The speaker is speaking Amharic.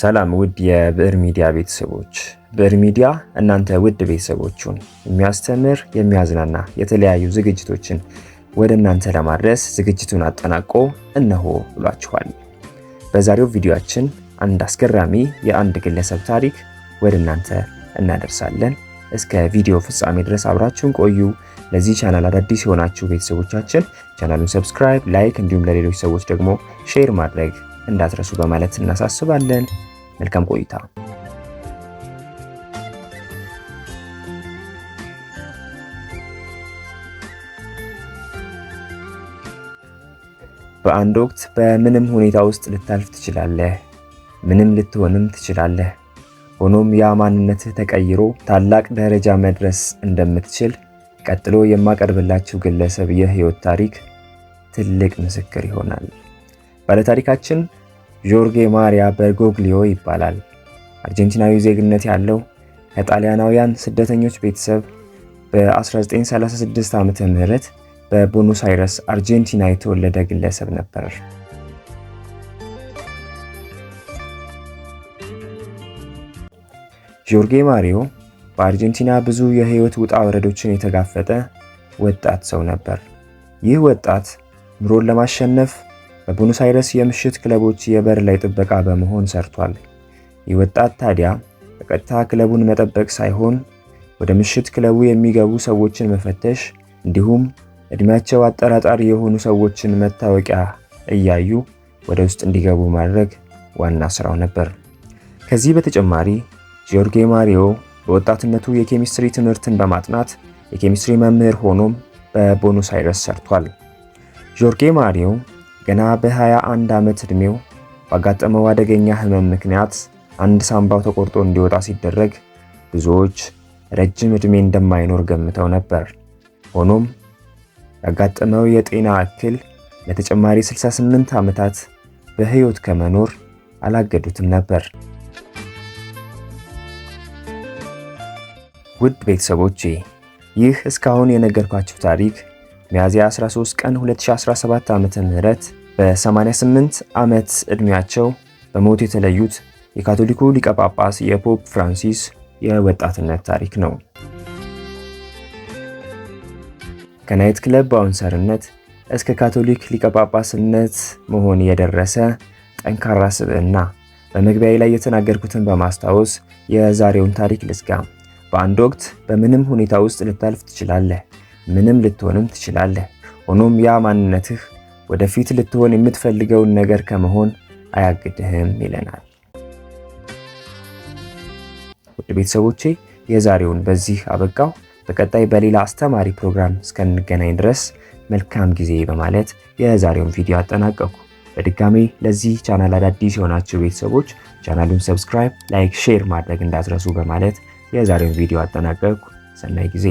ሰላም ውድ የብዕር ሚዲያ ቤተሰቦች፣ ብዕር ሚዲያ እናንተ ውድ ቤተሰቦቹን የሚያስተምር የሚያዝናና የተለያዩ ዝግጅቶችን ወደ እናንተ ለማድረስ ዝግጅቱን አጠናቆ እነሆ ብሏችኋል። በዛሬው ቪዲዮአችን አንድ አስገራሚ የአንድ ግለሰብ ታሪክ ወደ እናንተ እናደርሳለን። እስከ ቪዲዮ ፍጻሜ ድረስ አብራችሁን ቆዩ። ለዚህ ቻናል አዳዲስ የሆናችሁ ቤተሰቦቻችን ቻናሉን ሰብስክራይብ፣ ላይክ እንዲሁም ለሌሎች ሰዎች ደግሞ ሼር ማድረግ እንዳትረሱ በማለት እናሳስባለን። መልካም ቆይታ። በአንድ ወቅት በምንም ሁኔታ ውስጥ ልታልፍ ትችላለህ። ምንም ልትሆንም ትችላለህ። ሆኖም ያ ማንነትህ ተቀይሮ ታላቅ ደረጃ መድረስ እንደምትችል ቀጥሎ የማቀርብላችሁ ግለሰብ የህይወት ታሪክ ትልቅ ምስክር ይሆናል። ባለታሪካችን ዦርጌ ማሪያ በርጎግሊዮ ይባላል። አርጀንቲናዊ ዜግነት ያለው ከጣሊያናውያን ስደተኞች ቤተሰብ በ1936 ዓ ም በቦኖስ አይረስ አርጀንቲና የተወለደ ግለሰብ ነበር። ጆርጌ ማሪዮ በአርጀንቲና ብዙ የህይወት ውጣ ወረዶችን የተጋፈጠ ወጣት ሰው ነበር። ይህ ወጣት ኑሮን ለማሸነፍ በቡኖስ አይረስ የምሽት ክለቦች የበር ላይ ጥበቃ በመሆን ሰርቷል። ይህ ወጣት ታዲያ በቀጥታ ክለቡን መጠበቅ ሳይሆን ወደ ምሽት ክለቡ የሚገቡ ሰዎችን መፈተሽ እንዲሁም እድሜያቸው አጠራጣሪ የሆኑ ሰዎችን መታወቂያ እያዩ ወደ ውስጥ እንዲገቡ ማድረግ ዋና ስራው ነበር። ከዚህ በተጨማሪ ጆርጌ ማሪዮ በወጣትነቱ የኬሚስትሪ ትምህርትን በማጥናት የኬሚስትሪ መምህር ሆኖም በቦኖስ አይረስ ሰርቷል። ጆርጌ ማሪዮ ገና በ21 ዓመት ዕድሜው ባጋጠመው አደገኛ ህመም ምክንያት አንድ ሳምባው ተቆርጦ እንዲወጣ ሲደረግ ብዙዎች ረጅም ዕድሜ እንደማይኖር ገምተው ነበር። ሆኖም ያጋጠመው የጤና እክል ለተጨማሪ 68 ዓመታት በህይወት ከመኖር አላገዱትም ነበር። ውድ ቤተሰቦቼ ይህ እስካሁን የነገርኳችሁ ታሪክ ሚያዝያ 13 ቀን 2017 ዓ.ም በ88 ዓመት ዕድሜያቸው በሞት የተለዩት የካቶሊኩ ሊቀ ጳጳስ የፖፕ ፍራንሲስ የወጣትነት ታሪክ ነው። ከናይት ክለብ ባውንሰርነት እስከ ካቶሊክ ሊቀ ጳጳስነት መሆን የደረሰ ጠንካራ ስብዕና በመግቢያዬ ላይ የተናገርኩትን በማስታወስ የዛሬውን ታሪክ ልዝጋ። በአንድ ወቅት በምንም ሁኔታ ውስጥ ልታልፍ ትችላለህ ምንም ልትሆንም ትችላለህ። ሆኖም ያ ማንነትህ ወደፊት ልትሆን የምትፈልገውን ነገር ከመሆን አያግድህም ይለናል። ውድ ቤተሰቦቼ የዛሬውን በዚህ አበቃው። በቀጣይ በሌላ አስተማሪ ፕሮግራም እስከንገናኝ ድረስ መልካም ጊዜ በማለት የዛሬውን ቪዲዮ አጠናቀቁ። በድጋሜ ለዚህ ቻናል አዳዲስ የሆናችሁ ቤተሰቦች ቻናሉን ሰብስክራይብ፣ ላይክ፣ ሼር ማድረግ እንዳትረሱ በማለት የዛሬውን ቪዲዮ አጠናቀቁ። ሰናይ ጊዜ